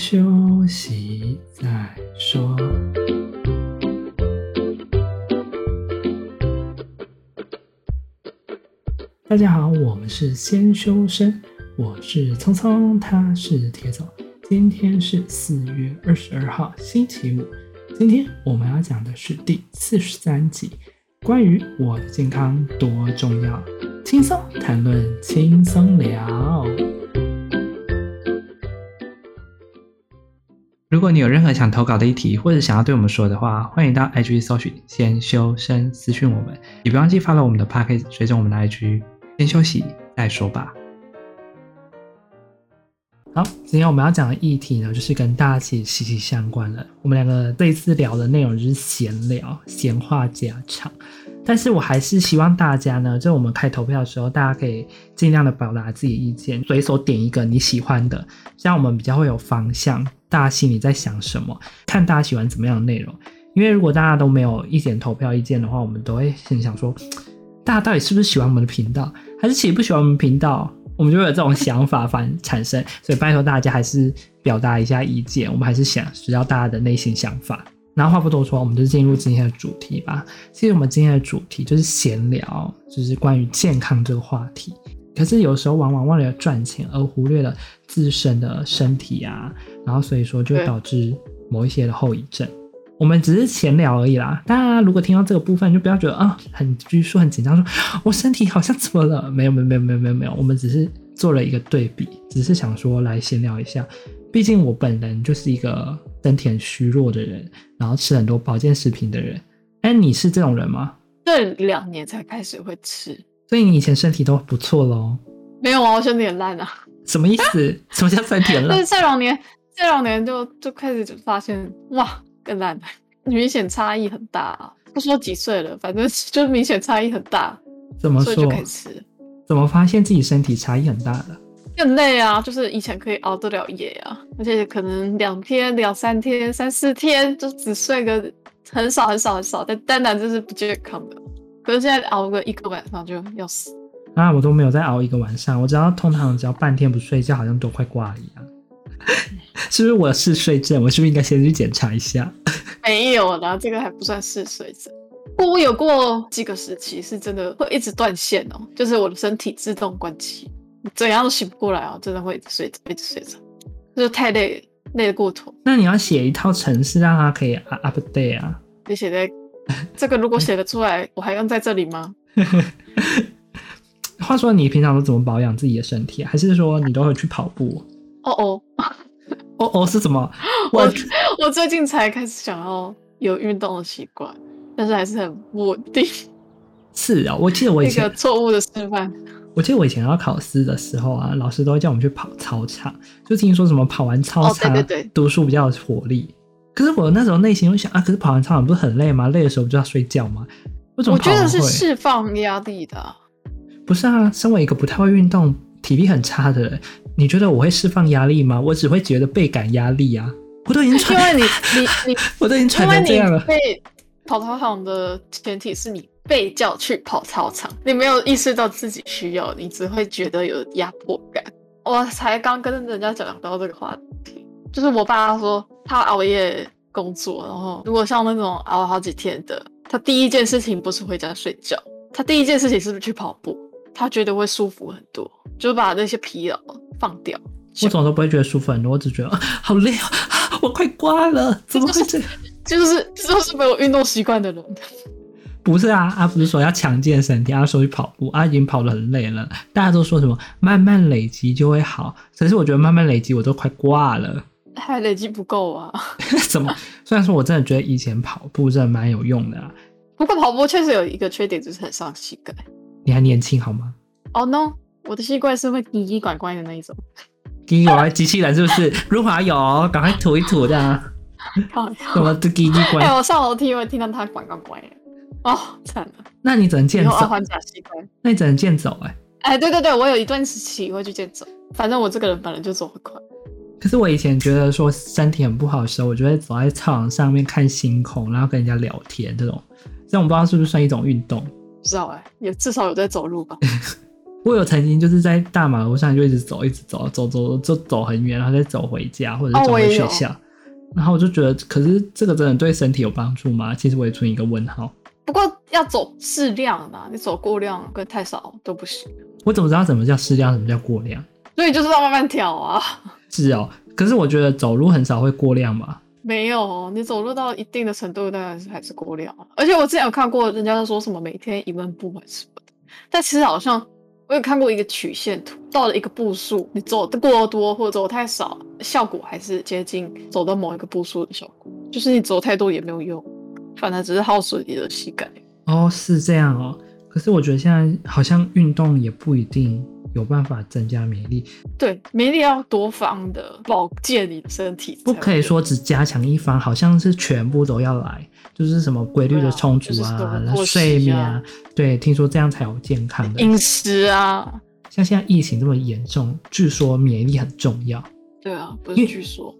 休息再說。大家好，我們是先修身，我是聰聰，他是鐵總。今天是四月二十二號，星期五。今天我們要講的是第四十三集，關於我的健康多重要，輕鬆談論，輕鬆聊。如果你有任何想投稿的議題，或者想要對我們說的話，歡迎到 IG 搜索“先修身”私詢我們。也不忘記發了我們的 p a c k a g e 隨着我們的 IG。先休息再說吧。好，今天我們要講的議題呢，就是跟大家息息相關的。我們兩個這一次聊的內容就是閒聊、閒話家常。但是我還是希望大家呢，在我們開投票的時候，大家可以盡量的表達自己意見，隨手點一個你喜歡的，這樣我們比較會有方向。大家心裡在想什麼？看大家喜歡怎麼樣的內容。因為如果大家都沒有一點投票意見的話，我們都會很想說，大家到底是不是喜歡我們的頻道，還是其實不喜歡我們的頻道，我們就會有這種想法反產生。所以拜托大家還是表達一下意見，我們還是想知道大家的內心想法。然後話不多說，我們就進入今天的主題吧。其實我們今天的主題就是閒聊，就是關於健康這個話題。可是有時候往往為了賺錢而忽略了自身的身體啊，然後所以說就導致某一些的後遺症。嗯、我們只是閒聊而已啦。當然，如果聽到這個部分，就不要覺得啊很拘束、說很緊張，說我身體好像怎麼了？沒有，沒有，沒有，沒有，沒有，沒有。我們只是做了一個對比，只是想說來閒聊一下。畢竟我本人就是一個。身體很虛弱的人，然後吃很多保健食品的人，哎、欸，你是這種人嗎？這兩年才開始會吃，所以你以前身體都不錯嘍。沒有啊，我身體很爛了，啊，什麼意思？啊、什麼叫身體爛？但 是這兩年，這兩年就就開始就發現，哇，更爛了，明顯差異很大啊！不說幾歲了，反正就明顯差異很大。怎麼說？怎麼發現自己身體差異很大了？更累啊，就是以前可以熬得了夜啊，而且可能兩天、兩三天、三四天就只睡個很少、很少、很少，但單單就是不健康的。可是現在熬個一個晚上就要死啊！我都沒有再熬一個晚上，我只要通常只要半天不睡覺，好像都快掛了一樣。 是不是我嗜睡症？我是不是應該先去檢查一下？ 沒有啦，這個還不算嗜睡症。不過我有過幾個時期是真的會一直斷線哦，就是我的身體自動關機。怎樣都醒不過來哦、啊，真的會一直睡着，一直睡着，就是、太累，累得過頭。那你要寫一套程式，讓它可以 up update 啊？你寫在這個，如果寫得出來， 我還用在這裡嗎？話說，你平常都怎麼保養自己的身體、啊？還是說你都會去跑步？哦哦哦哦，是什麼？我我,我最近才開始想要有運動的習慣，但是還是很不穩定。是啊、哦，我記得我以前一個錯誤的示範。我記得我以前要考試的時候啊，老師都會叫我們去跑操場。就聽說什麼跑完操場、哦、讀書比較有活力。可是我那時候內心會想啊，可是跑完操場不是很累嗎？累的時候不就要睡覺嗎？我怎麼我覺得是釋放壓力的、啊。不是啊，身為一個不太會運動、體力很差的人，你覺得我會釋放壓力嗎？我只會覺得倍感壓力啊！我都已經喘，因為你你你，你我都已經喘成這樣了。所以跑操場的前提是你。被叫去跑操場，你沒有意識到自己需要，你只會覺得有壓迫感。我才剛跟人家講到這個話題，就是我爸他說他熬夜工作，然後如果像那種熬了好幾天的，他第一件事情不是回家睡覺，他第一件事情是不是去跑步？他覺得會舒服很多，就把那些疲勞放掉。就我早來都不會覺得舒服很多，我只覺得好累啊，我快掛了，怎麼會這樣？就是、就是都、就是沒有運動習慣的人。不是啊，阿、啊、不是說要強健身體，阿、啊、說去跑步，阿、啊、已經跑得很累了。大家都說什麼慢慢累積就會好，可是我覺得慢慢累積我都快掛了，還累積不夠啊？ 怎麼？雖然說我真的覺得以前跑步真的蠻有用的，啊，不過跑步確實有一個缺點就是很傷膝蓋。你還年輕好嗎？哦，oh、no，我的膝蓋是會嘰嘰拐拐的那一種。嘰嘰啊，機器人是不是？潤滑油，趕快塗一塗的，啊。 什麼嘰嘰拐？哎、欸，我上樓梯會聽到它拐拐拐。哦，慘了！那你只能健走，西那你只能健走哎、欸。哎、欸，對對對，我有一段時期會去健走。反正我這個人本來就走很快。可是我以前覺得說身體很不好的時候，我就會走在操場上面看星空，然後跟人家聊天這種，這種不知道是不是算一種運動。不知道哎、欸，也至少有在走路吧。 我有曾經就是在大馬路上就一直走，一直走，走走，走就走很遠，然後再走回家或者是走回學校。哦、然後我就覺得，可是這個真的對身體有幫助嗎？其實我也存一個問號。.不過要走適量嘛、啊，你走過量跟太少都不行。我怎麼知道什麼叫適量，什麼叫過量？所以就是要慢慢調啊。是哦，可是我覺得走路很少會過量吧？沒有、哦，你走路到一定的程度，當然是還是過量、啊。而且我之前有看過，人家在說什麼每天一萬步嘛什麼的。但其實好像我有看過一個曲線圖，到了一個步數，你走得過多或者走太少，效果還是接近走到某一個步數的效果。就是你走太多也沒有用。反正只是耗損你的膝蓋哦，是這樣哦。嗯、可是我覺得現在好像運動也不一定有辦法增加免疫力。對，免疫力要多方的保健你的身體，不可以說只加強一方，好像是全部都要來，嗯、就是什麼規律的充足啊，啊就是、啊睡眠啊。啊對，聽說這樣才有健康的飲食啊。像現在疫情這麼嚴重，據說免疫力很重要。對啊，不是據說。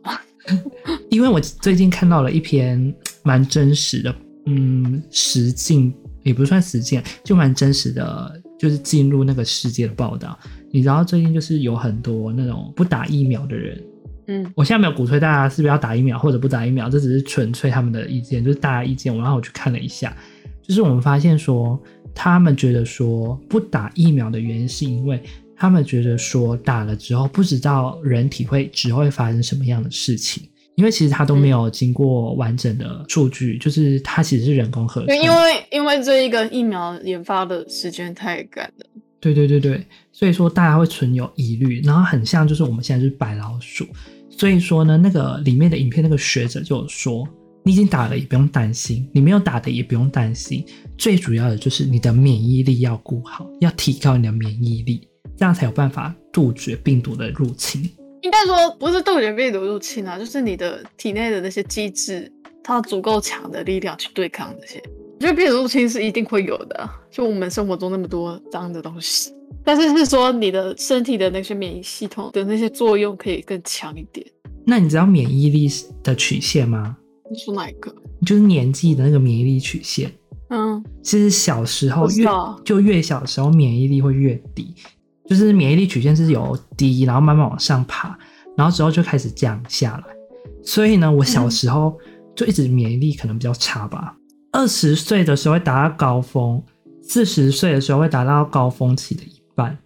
因為， 因為我最近看到了一篇。蠻真實的，嗯，實境也不算實境，就蠻真實的，就是進入那個世界的報道。你知道最近就是有很多那種不打疫苗的人，嗯，我現在沒有鼓吹大家是不是要打疫苗或者不打疫苗，這只是純粹他們的意見，就是大家意見。然後我去看了一下，就是我們發現說，他們覺得說不打疫苗的原因是因為他們覺得說打了之後不知道人體會只會發生什麼樣的事情。因為其實他都沒有經過完整的數據，嗯，就是它其實是人工合成。因為因為，因為這一個疫苗研發的時間太趕了。對對對對，所以說大家會存有疑慮，然後很像就是我們現在是白老鼠。所以說呢，那個裡面的影片那個學者就有說：“你已經打了也不用擔心，你沒有打的也不用擔心。最主要的就是你的免疫力要顧好，要提高你的免疫力，這樣才有辦法杜絕病毒的入侵。”應該說不是杜絕病毒入侵啊，就是你的體內的那些機制，它足夠強的力量去對抗這些。就病毒入侵是一定會有的，就我們生活中那麼多髒的東西，但是是說你的身體的那些免疫系統的那些作用可以更強一點。那你知道免疫力的曲線嗎？你說哪一個？就是年紀的那個免疫力曲線。嗯，其實小時候越就越小時候免疫力會越低。就是免疫力曲線是由低，然後慢慢往上爬，然後之後就開始降下來。所以呢，我小時候就一直免疫力可能比較差吧。二十歲的時候會達到高峰，四十歲的時候會達到高峰期的一半，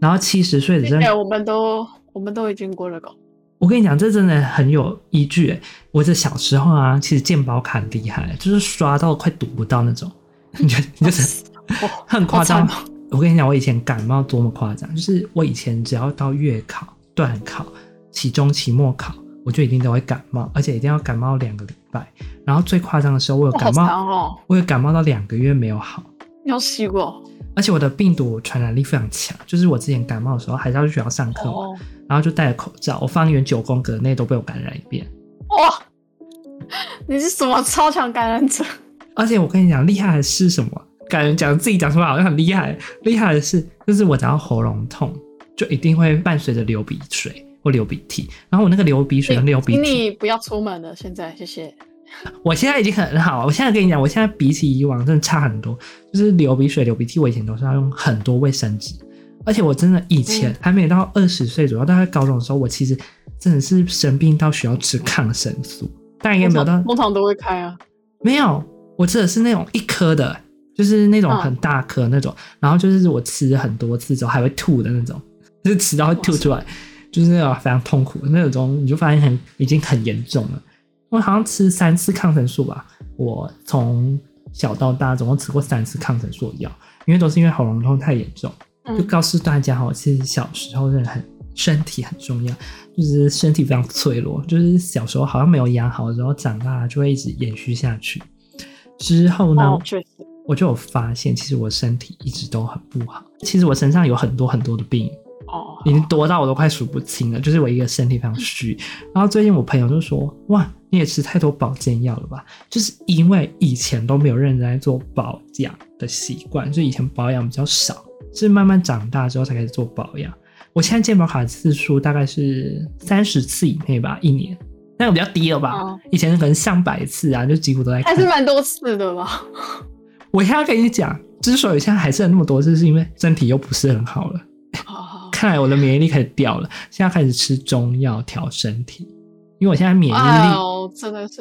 然後七十歲的時候，欸欸、我們都我們都已經過了高。我跟你講，這真的很有依據、欸。我這小時候啊，其實健保卡很厲害、欸，就是刷到快讀不到那種，嗯、 你就得、是、就我 很誇張張。我跟你講，我以前感冒多麼誇張，就是我以前只要到月考、段考、期中、期末考，我就一定都會感冒，而且一定要感冒兩個禮拜。然後最誇張的時候，我有感冒，我，我有感冒到兩個月沒有好。你要死過？而且我的病毒傳染力非常強，就是我之前感冒的時候，還是要去學校上課嘛，Oh. 然後就戴着口罩，我方圓九宮格內都被我感染一遍。哇！Oh. 你是什麼超強感染者？而且我跟你講，厲害的是什麼？感覺講自己講什麼好像很厲害，厲害的是，就是我只要喉嚨痛，就一定會伴隨着流鼻水或流鼻涕。然後我那個流鼻水跟流鼻涕你，你不要出門了，現在謝謝。我現在已經很好了，我現在跟你講，我現在比起以往真的差很多。就是流鼻水流鼻涕，我以前都是要用很多衛生紙，而且我真的以前還沒到二十歲左右，嗯、大概高中的時候，我其實真的是生病到需要吃抗生素。但應該沒有到通，通常都會開啊？沒有，我吃的是那種一顆的。就是那種很大顆那種，哦、然後就是我吃很多次之後還會吐的那種，就是吃到會吐出來，哇塞，就是那種非常痛苦的那種，你就發現很已經很嚴重了。我好像吃三次抗生素吧，我從小到大總共吃過三次抗生素藥，因為都是因為喉嚨痛太嚴重，嗯、就告訴大家我、喔、其實小時候真的很身體很重要，就是身體非常脆弱，就是小時候好像沒有養好，然後長大了就會一直延續下去。之後呢？我就有發現，其實我身體一直都很不好。其實我身上有很多很多的病，哦，oh. 已經多到我都快數不清了。就是我一個身體非常虛。 然後最近我朋友就說：“哇，你也吃太多保健藥了吧？”就是因為以前都沒有認真做保養的習慣，就以前保養比較少，是慢慢長大之後才開始做保養。我現在健保卡的次數大概是三十次以內吧，一年，那個比較低了吧？Oh. 以前可能上百次啊，就幾乎都在看。還是蠻多次的吧。 我現在跟你講，之所以現在還剩那麼多，就是因為身體又不是很好了。 看來我的免疫力開始掉了。現在開始吃中藥調身體，因為我現在免疫力、oh, 真的是，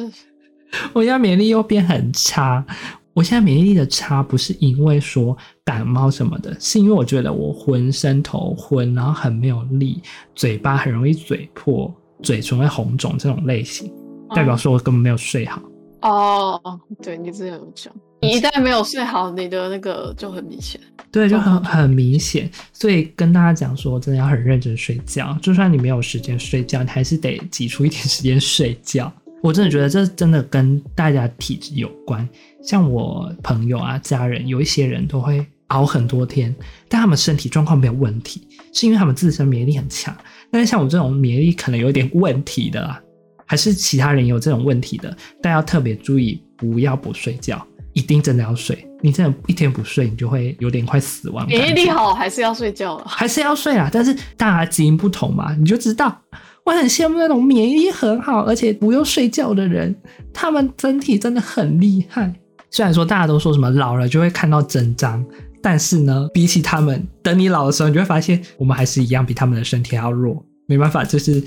我現在免疫力又變很差。我現在免疫力的差不是因為說感冒什麼的，是因為我覺得我渾身頭昏，然後很沒有力，嘴巴很容易嘴破，嘴唇會紅腫這種類型，代表說我根本沒有睡好。哦，oh, 對，你之前有講，你一旦沒有睡好，你的那個就很明顯，對，就很很明顯。所以跟大家講說，真的要很認真睡覺，就算你沒有時間睡覺，你還是得擠出一點時間睡覺。我真的覺得這真的跟大家體質有關。像我朋友啊、家人，有一些人都會熬很多天，但他們身體狀況沒有問題，是因為他們自身免疫力很強。但是像我這種免疫力可能有點問題的啦。還是其他人有這種問題的，但要特別注意，不要不睡覺，一定真的要睡。你真的一天不睡，你就會有點快死亡。免疫力好還是要睡覺了，還是要睡啊？但是大家基因不同嘛，你就知道。我很羨慕那種免疫力很好而且不用睡覺的人，他們身體真的很厲害。雖然說大家都說什麼老了就會看到真章，但是呢，比起他們，等你老的時候，你就會發現我們還是一樣比他們的身體要弱。沒辦法，就是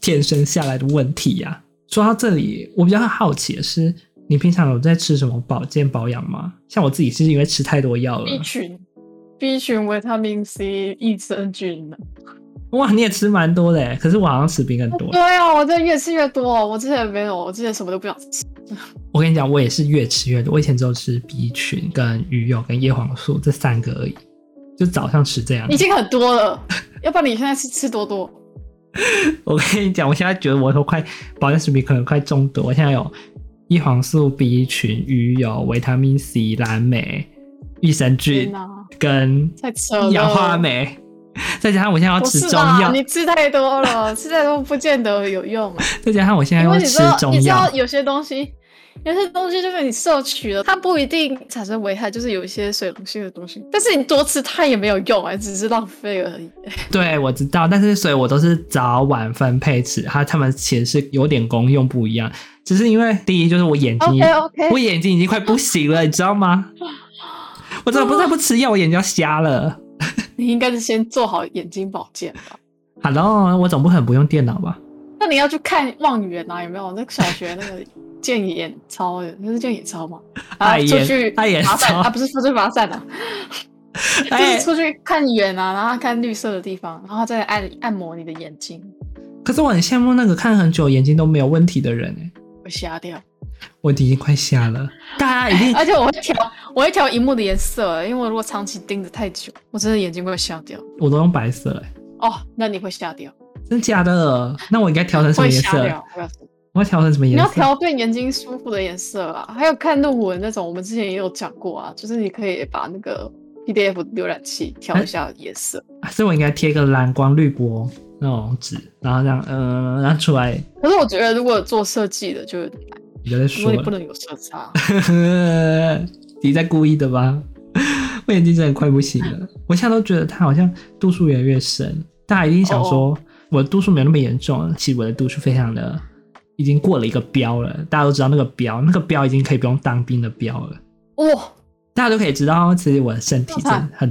天生下來的問題呀、啊。說到這裡，我比較好奇的是，你平常有在吃什麼保健保養嗎？像我自己是因為吃太多藥了。B 群，B 群、維他命 C、益生菌。哇，你也吃蠻多的，可是我好像吃冰更多。對啊，我真的越吃越多。我之前也沒有，我之前什麼都不想吃。 我跟你講，我也是越吃越多。我以前只有吃 B 群、跟魚油、跟葉黃素這三個而已，就早上吃這樣。已經很多了， 要不然你現在吃吃多多。我跟你講，我現在覺得我都快，保健食品可能快中毒。我現在有葉黃素 B 群魚油、維他命 C、藍莓、益生菌，哪跟再吃氧化酶。再加上我現在要吃中藥，你吃太多了， 吃太多不見得有用啊。再加上我現在要吃中藥。你知道有些東西。有些東西就是你攝取了，它不一定產生危害，就是有一些水溶性的東西。但是你多吃它也沒有用啊，欸，只是浪費而已，欸。對，我知道，但是所以我都是早晚分配吃，它它們其實是有點功用不一樣，只是因為第一就是我眼睛，okay, okay 我眼睛已經快不行了， 你知道嗎？我再不再不吃藥，我眼睛要瞎了。 你應該是先做好眼睛保健吧。哈嘍，我總不可能不用電腦吧？那你要去看望遠啊？有沒有那個小學那個健眼操的？那 是健眼操嗎？啊，出去拿扇，啊不是出去拿扇的，是是啊、 就是出去看遠啊，然後看綠色的地方，然後再按按摩你的眼睛。可是我很羨慕那個看很久眼睛都沒有問題的人哎、欸。會瞎掉！我眼睛快瞎了，大家一定。而且我會調，我會調熒幕的顏色、欸，因為我如果長期盯着太久，我真的眼睛會瞎掉。我都用白色哎、欸。哦，oh, 那你會瞎掉。真假的？那我應該調成什麼顏色？我要調成什麼顏色？你要調對眼睛舒服的顏色啊。還有看論文那種，我們之前也有講過啊，就是你可以把那個 PDF 瀏覽器調一下顏色。所以、欸、我應該貼一個藍光濾波那種紙，然後這樣，嗯、呃，然後出來。可是我覺得，如果做設計的，就有點難你就說，說你不能有色差。 你在故意的吧？ 我眼睛真的快不行了， 我現在都覺得它好像度數越來越深。大家一定想說。Oh. 我的度數沒有那麼嚴重，其實我的度數非常的，已經過了一個標了。大家都知道那個標，那個標已經可以不用當兵的標了。哇、哦！大家都可以知道，其實我的身體真的很，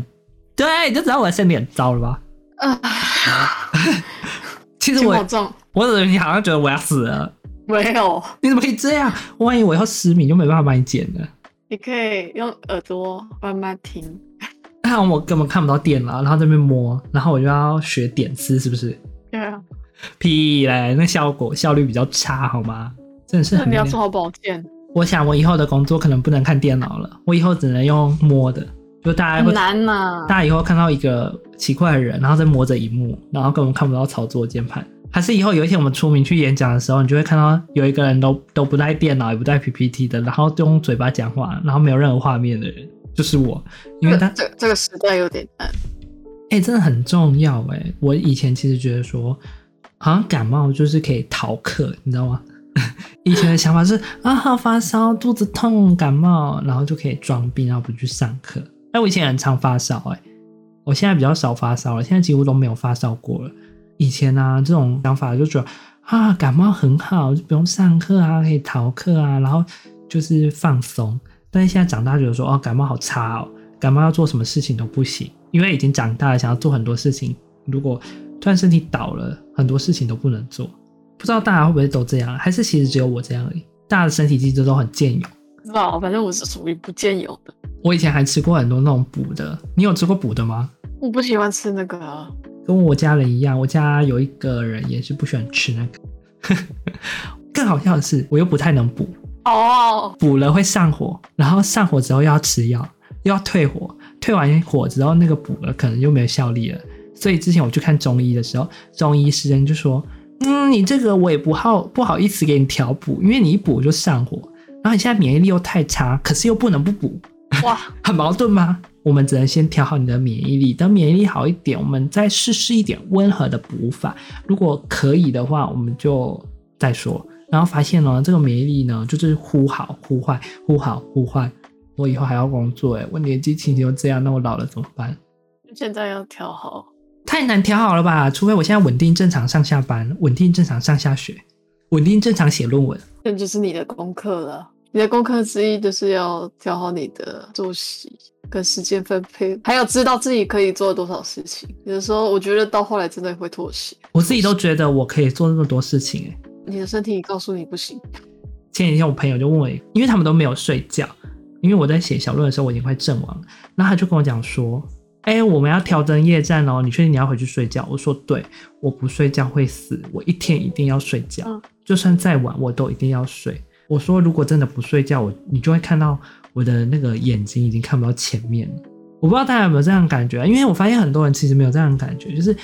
對，就知道我的身體很糟了吧？啊、呃！ 其實我，好重，我以為你好像覺得我要死了？沒有，你怎麼可以這樣？萬一我以後失明就沒辦法幫你剪了。你可以用耳朵慢慢聽。那、啊、我根本看不到電腦，然後這邊摸，然後我就要學點字，是不是？對啊，屁來，來那效果效率比較差，好嗎？真的是很，那你要做好保健。我想我以後的工作可能不能看電腦了，我以後只能用摸的。就大家很難啊！大家以後看到一個奇怪的人，然後在摸着螢幕，然後根本看不到操作鍵盤。還是以後有一天我們出名去演講的時候，你就會看到有一個人都都不帶電腦也不帶 P P T 的，然後用嘴巴講話，然後沒有任何畫面的人，就是我。因為他這這，這個時代有點難。哎、欸，真的很重要哎！我以前其實覺得說，好像感冒就是可以逃課，你知道嗎？ 以前的想法是啊，好發燒、肚子痛、感冒，然後就可以裝病，然後不去上課。哎，我以前很常發燒哎，我現在比較少發燒了，現在幾乎都沒有發燒過了。以前呢、啊，這種想法就覺得啊，感冒很好，就不用上課啊，可以逃課啊，然後就是放鬆。但是現在長大覺得說，哦、啊，感冒好差哦。感冒要做什麼事情都不行，因為已經長大了，想要做很多事情。如果突然身體倒了，很多事情都不能做。不知道大家會不會都這樣，還是其實只有我這樣而已？大家的身體其實都很健勇。不知道。反正我是屬於不健勇的。我以前還吃過很多那種補的，你有吃過補的嗎？我不喜歡吃那個啊，跟我家人一樣。我家有一個人也是不喜歡吃那個。 更好笑的是，我又不太能補哦，oh. 補了會上火，然後上火之後又要吃藥。又要退火，退完火之後那個補了可能又沒有效力了，所以之前我去看中醫的時候，中醫師人就說：“嗯，你這個我也不好不好意思給你調補，因為你一補就上火，然後你現在免疫力又太差，可是又不能不補，哇， 很矛盾嗎？我們只能先調好你的免疫力，等免疫力好一點，我們再試試一點溫和的補法，如果可以的話，我們就再說。然後發現呢，這個免疫力呢，就是忽好忽壞，忽好忽壞。”我以後還要工作哎，我年紀輕輕就這樣，那我老了怎麼辦？現在要調好，太難調好了吧？除非我現在穩定正常上下班，穩定正常上下學，穩定正常寫論文，這就是你的功課了。你的功課之一就是要調好你的作息跟時間分配，還有知道自己可以做多少事情。有的時候我覺得到後來真的會妥協，我自己都覺得我可以做那麼多事情哎，你的身體告訴你不行。前幾天我朋友就問我，因為他們都沒有睡覺。因為我在寫小論的時候，我已經快陣亡了。然後他就跟我講說：“哎、欸，我們要挑燈夜戰哦，你確定你要回去睡覺？”我說：“對，我不睡覺會死，我一天一定要睡覺，就算再晚我都一定要睡。”我說：“如果真的不睡覺，我你就會看到我的那個眼睛已經看不到前面了。我不知道大家有沒有這樣的感覺？因為我發現很多人其實沒有這樣的感覺，就是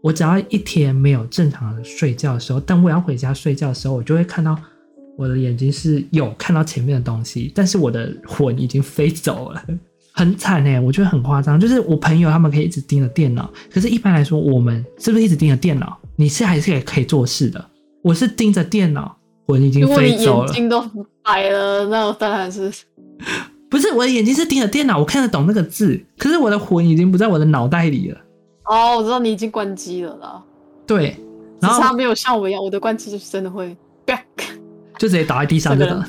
我只要一天沒有正常的睡覺的時候，但我要回家睡覺的時候，我就會看到。我的眼睛是有看到前面的東西，但是我的魂已經飛走了，很慘哎、欸！我覺得很誇張。就是我朋友他們可以一直盯着電腦，可是一般來說，我們是不是一直盯着電腦？你是還是也可以做事的？我是盯着電腦，魂已經飛走了。如果眼睛都很白了，那當然是不是？我的眼睛是盯着電腦，我看得懂那個字，可是我的魂已經不在我的腦袋裡了。哦，我知道你已經關機了啦。對，然後他沒有像我一樣，我的關機就是真的會。就直接倒在地上，就倒了。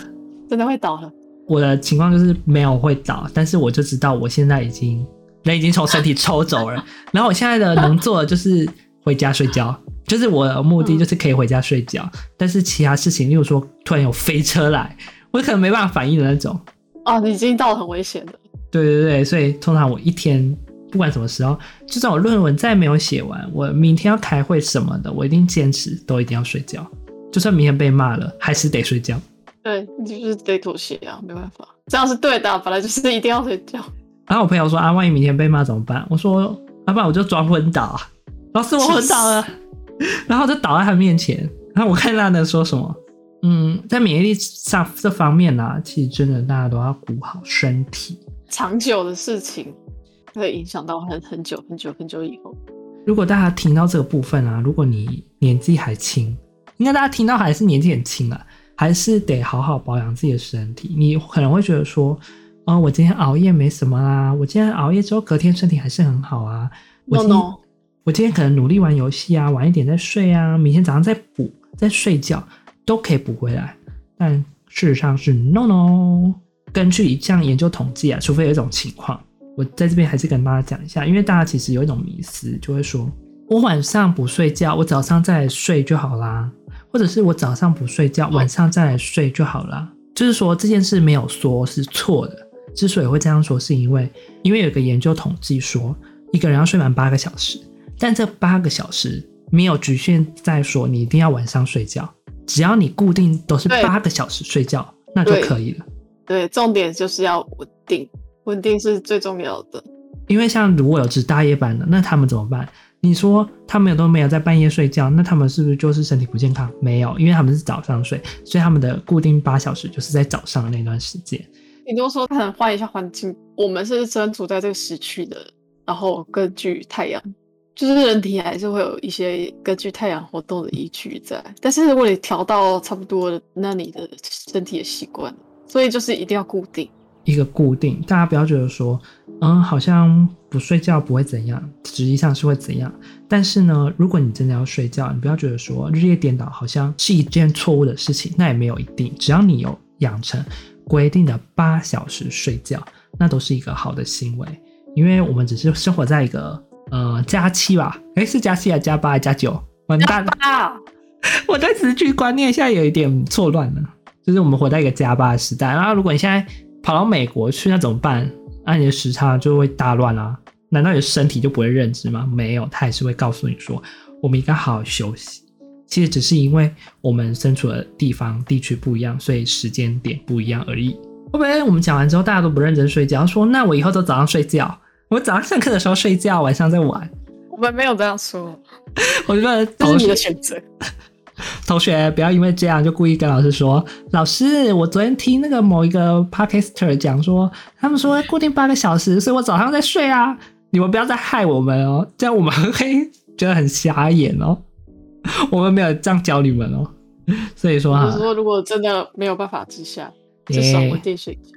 真的會倒的。我的情況就是沒有會倒，但是我就知道我現在已經人已經從身體抽走了。 然後我現在的能做的就是回家睡覺，就是我的目的就是可以回家睡覺。嗯、但是其他事情，例如說突然有飛車來，我可能沒辦法反應的那種。哦、啊，你已經到了很危險的。對對對，所以通常我一天不管什麼時候，就算我論文再沒有寫完，我明天要開會什麼的，我一定堅持都一定要睡覺。就算明天被罵了，還是得睡覺。對，你就是得妥協啊，沒辦法，這樣是對的，啊。本來就是一定要睡覺。然後我朋友說：“啊，萬一明天被罵怎麼辦？”我說：“要、啊、不然我就裝昏倒。然後說我”老師，我昏倒了，然後就倒在他面前。然後我看他能說什麼。嗯，在免疫力上這方面呢，啊，其實真的大家都要顧好身體。長久的事情會影響到很很久很久很久以後。如果大家聽到這個部分啊，如果你年紀還輕，應該大家聽到還是年紀很輕啊，還是得好好保養自己的身體。你可能會覺得說，啊、呃，我今天熬夜沒什麼啦，我今天熬夜之後隔天身體還是很好啊。no 我 no，我今天可能努力玩遊戲啊，晚一點再睡啊，明天早上再補再睡覺都可以補回來。但事實上是 no no。根據一項研究統計啊，除非有一種情況，我在這邊還是跟大家講一下，因為大家其實有一種迷思，就會說我晚上不睡覺，我早上再睡就好啦。或者是我早上不睡覺，晚上再來睡就好了。嗯、就是說這件事沒有說是錯的，之所以會這樣說，是因為因為有一個研究統計說，一個人要睡滿八個小時，但這八個小時沒有局限在說你一定要晚上睡覺，只要你固定都是八個小時睡覺，對那就可以了對。對，重點就是要穩定，穩定是最重要的。因為像如果有值大夜班的，那他們怎麼辦？你說他們也都沒有在半夜睡覺，那他們是不是就是身體不健康？沒有，因為他們是早上睡，所以他們的固定八小時就是在早上的那段時間。你都說他能換一下環境，我們是身處在這個時區的，然後根據太陽，就是人體還是會有一些根據太陽活動的依據在。但是如果你調到差不多，那你的身體也習慣，所以就是一定要固定。一個固定，大家不要覺得說，嗯，好像不睡覺不會怎樣，實際上是會怎樣。但是呢，如果你真的要睡覺，你不要覺得說日夜顛倒好像是一件錯誤的事情，那也沒有一定。只要你有養成規定的八小時睡覺，那都是一個好的行為。因為我們只是生活在一個呃加七吧，哎，是加七還是加八還是加九？完蛋了。 我在時區觀念現在有一點錯亂了，就是我們活在一個加八的時代。然後如果你現在跑到美國去，那怎麼辦？那、啊、你的時差就會大亂啊。難道你的身體就不會認知嗎？沒有，他也是會告訴你說，我們應該好好休息。其實只是因為我們身處的地方地區不一樣，所以時間點不一樣而已。 會不會我們講完之後，大家都不認真睡覺，說那我以後都早上睡覺，我早上上課的時候睡覺，晚上再玩。我們沒有這樣說， 我覺得都、就是你的選擇。 同學，不要因為這樣就故意跟老師說，老師，我昨天聽那個某一個 Podcaster 講說，他們說固定八個小時，所以我早上在睡啊。你們不要再害我們哦、喔，這樣我們很黑，覺得很瞎眼哦、喔。我們沒有這樣教你們哦、喔，所以說、啊、說如果真的沒有辦法之下，yeah, 至少穩定睡覺，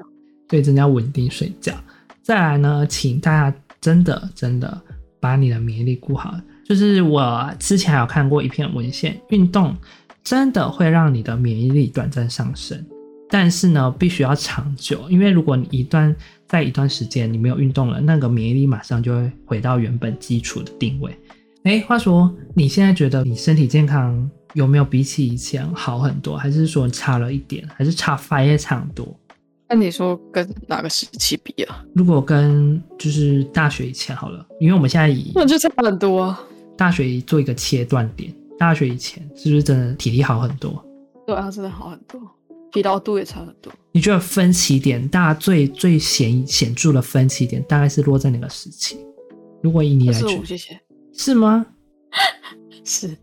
對，真的要穩定睡覺。再來呢，請大家真的真的，真的把你的免疫力顧好。就是我之前有看過一篇文獻，運動真的會讓你的免疫力短暫上升，但是呢，必須要長久，因為如果你一段在一段時間你沒有運動了，那個免疫力馬上就會回到原本基礎的定位。哎、欸，話說你現在覺得你身體健康有沒有比起以前好很多，還是說差了一點，還是差非常多？那你說跟哪個時期比啊？如果跟就是大學以前好了，因為我們現在那就差很多。大學做一個切斷點，大學以前是不是真的體力好很多？對啊，真的好很多，疲勞度也差很多。你覺得分歧點，大家最最顯顯著的分歧點，大概是落在哪個時期？如果以你來說，是，是嗎？ 是。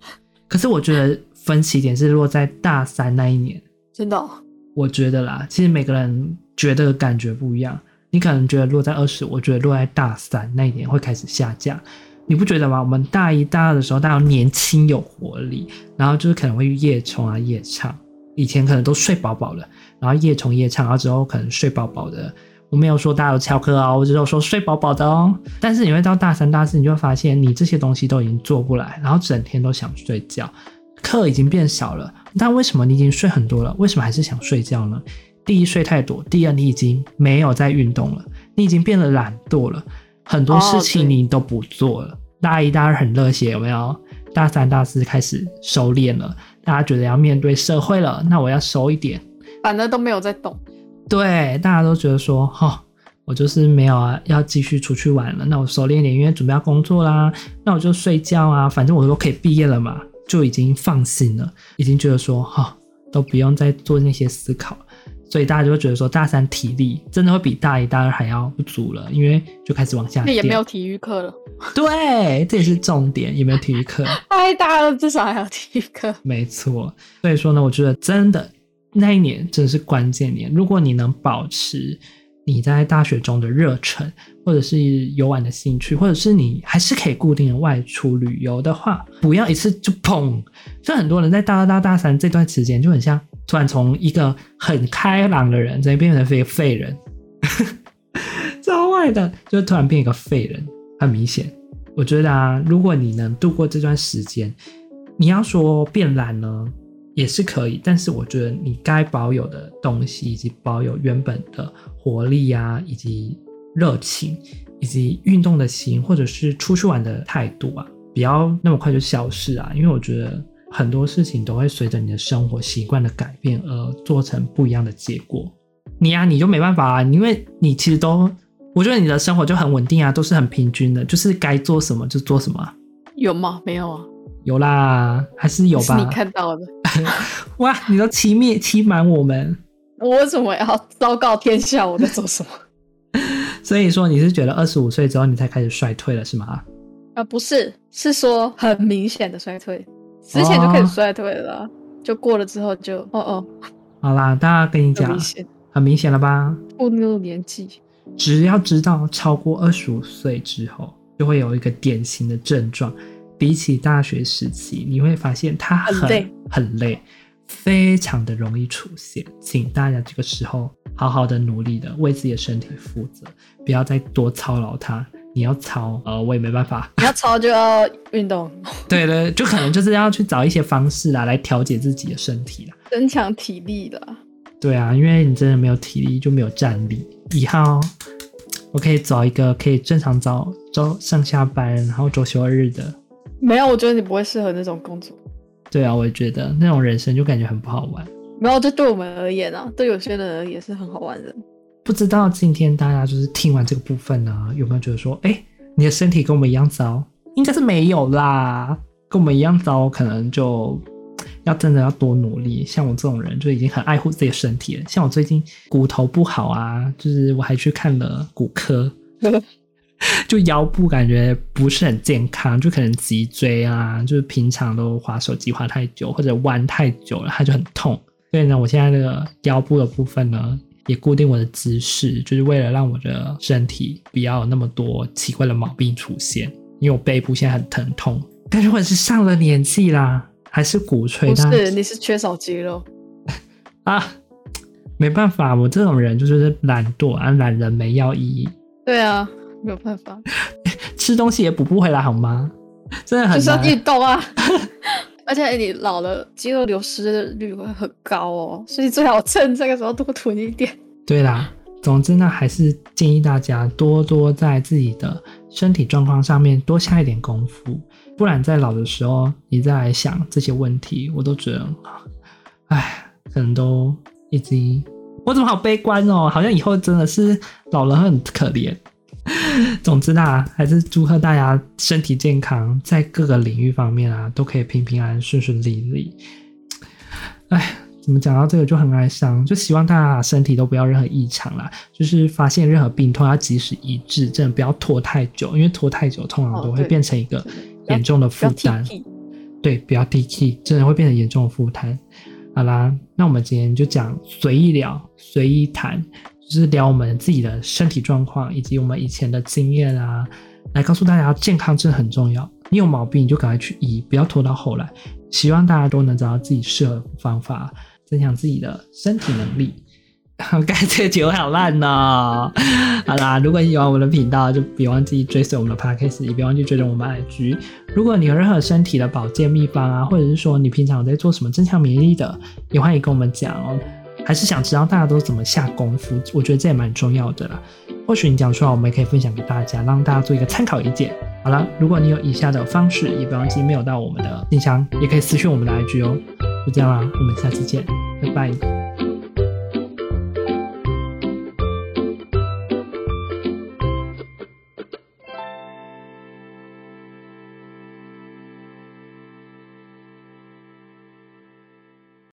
可是我覺得分歧點是落在大三那一年。真的哦？我覺得啦，其實每個人覺得感覺不一樣。你可能覺得落在二十，我覺得落在大三那一年會開始下降。你不覺得嗎？我們大一大二的時候，大家都年輕有活力，然後就是可能會夜衝啊、夜唱。以前可能都睡飽飽的，然後夜衝夜唱，然後之後可能睡飽飽的。我沒有說大家都翹課啊、哦，我只是說睡飽飽的哦。但是你會到大三、大四，你就會發現你這些東西都已經做不來，然後整天都想睡覺，課已經變少了。但為什麼你已經睡很多了？為什麼還是想睡覺呢？第一，睡太多；第二，你已經沒有在運動了，你已經變得懶惰了。很多事情你都不做了，oh, okay. 大一大二很熱血，有沒有？大三大四開始收斂了，大家覺得要面對社會了，那我要收一點，反正都沒有在動。對，大家都覺得說，哈、哦，我就是沒有啊，要繼續出去玩了，那我收斂一點，因為準備要工作啦，那我就睡覺啊，反正我都可以畢業了嘛，就已經放心了，已經覺得說，哈、哦，都不用再做那些思考。所以大家就會覺得說，大三體力真的會比大一、大二還要不足了，因為就開始往下掉。那也沒有體育課了。 對，這也是重點， 也沒有體育課。大一大二至少還有體育課，沒錯。所以說呢，我覺得真的那一年真的是關鍵年。如果你能保持你在大學中的熱忱，或者是遊玩的興趣，或者是你還是可以固定的外出旅遊的話，不要一次就砰。就很多人在大二、到大三這段時間就很像。突然從一個很開朗的人，怎麼變成一個廢人？ 超怪的，就突然變一個廢人，很明顯。我覺得啊，如果你能度過這段時間，你要說變懶呢，也是可以。但是我覺得你該保有的東西，以及保有原本的活力啊，以及熱情，以及運動的心，或者是出去玩的態度啊，不要那麼快就消失啊。因為我覺得。很多事情都會隨着你的生活習慣的改變而做成不一樣的結果。你呀、啊，你就沒辦法啊，因為你其實都，我覺得你的生活就很穩定啊，都是很平均的，就是該做什麼就做什麼。有嗎？沒有啊。有啦，還是有吧。是你看到的。 哇，你都欺滅欺瞞我們， 我為什麼要昭告天下我在做什麼？ 所以說你是覺得二十五歲之後你才開始衰退了是嗎？啊、呃，不是，是說很明顯的衰退。之前就可以衰退了，哦、就過了之後就哦哦，好啦，大家跟你講，很，很明顯了吧？我那種年紀，只要知道超過二十五歲之後，就會有一個典型的症狀，比起大學時期，你會發現他很很累，很累，非常的容易出現。請大家這個時候好好的努力的為自己的身體負責，不要再多操勞他。你要操，呃、哦，我也沒辦法。你要操就要運動， 對了，就可能就是要去找一些方式啊，來調節自己的身體啦，增強體力的。對啊，因為你真的沒有體力就沒有戰力，以後我可以找一個可以正常找，找上下班，然後周休二日的。沒有，我覺得你不會適合那種工作。對啊，我也覺得那種人生就感覺很不好玩。沒有，就對我們而言啊，對有些人也是很好玩的。不知道今天大家就是聽完這個部分呢、啊，有沒有覺得說，哎、欸，你的身體跟我們一樣糟？應該是沒有啦，跟我們一樣糟，可能就要真的要多努力。像我這種人，就已經很愛護自己的身體了。像我最近骨頭不好啊，就是我還去看了骨科， 就腰部感覺不是很健康，就可能脊椎啊，就是平常都滑手機滑太久，或者彎太久了，它就很痛。所以呢，我現在那個腰部的部分呢。也固定我的姿勢，就是為了讓我的身體不要有那麼多奇怪的毛病出現。因為我背部現在很疼痛，但是如果你是上了年紀啦，還是骨髓？不是，你是缺少肌肉啊，沒辦法，我這種人就是懶惰啊，懶人沒藥醫。對啊，沒有辦法，吃東西也補不回來，好嗎？真的很像運動啊。 而且你老了，肌肉流失率會很高哦，所以最好趁這個時候多囤一點。對啦，總之呢，還是建議大家多多在自己的身體狀況上面多下一點功夫，不然在老的時候，你再來想這些問題，我都覺得，唉，可能都已經……我怎麼好悲觀哦？好像以後真的是老了很可憐。總之啦、啊，還是祝賀大家身體健康，在各個領域方面啊，都可以平平安安、順順利利。哎，怎麼講到這個就很哀傷，就希望大家身體都不要任何異常啦，就是發現任何病痛要及時醫治，真的不要拖太久，因為拖太久，通常都會變成一個嚴重的負擔。哦、對，踢踢，對，不要低氣，真的會變成嚴重的負擔。好啦，那我們今天就講隨意聊，隨意談。就是聊我們自己的身體狀況，以及我們以前的經驗啊，來告訴大家健康真的很重要。你有毛病你就趕快去醫，不要拖到後來。希望大家都能找到自己適合的方法，增強自己的身體能力。 感謝酒好爛呢、哦。好啦，如果你喜歡我們的頻道，就別忘記追隨我們的 Podcast，也別忘記追蹤我們 IG。如果你有任何身體的保健秘方啊，或者是說你平常在做什麼增強免疫力的，也歡迎跟我們講哦。還是想知道大家都怎麼下功夫，我覺得這也蠻重要的啦。或許你講出來，我們也可以分享給大家，讓大家做一個參考意見。好了，如果你有以下的方式，也別忘記 mail 到我們的信箱，也可以私訊我們的 IG 哦。就這樣啦，我們下次見，拜拜。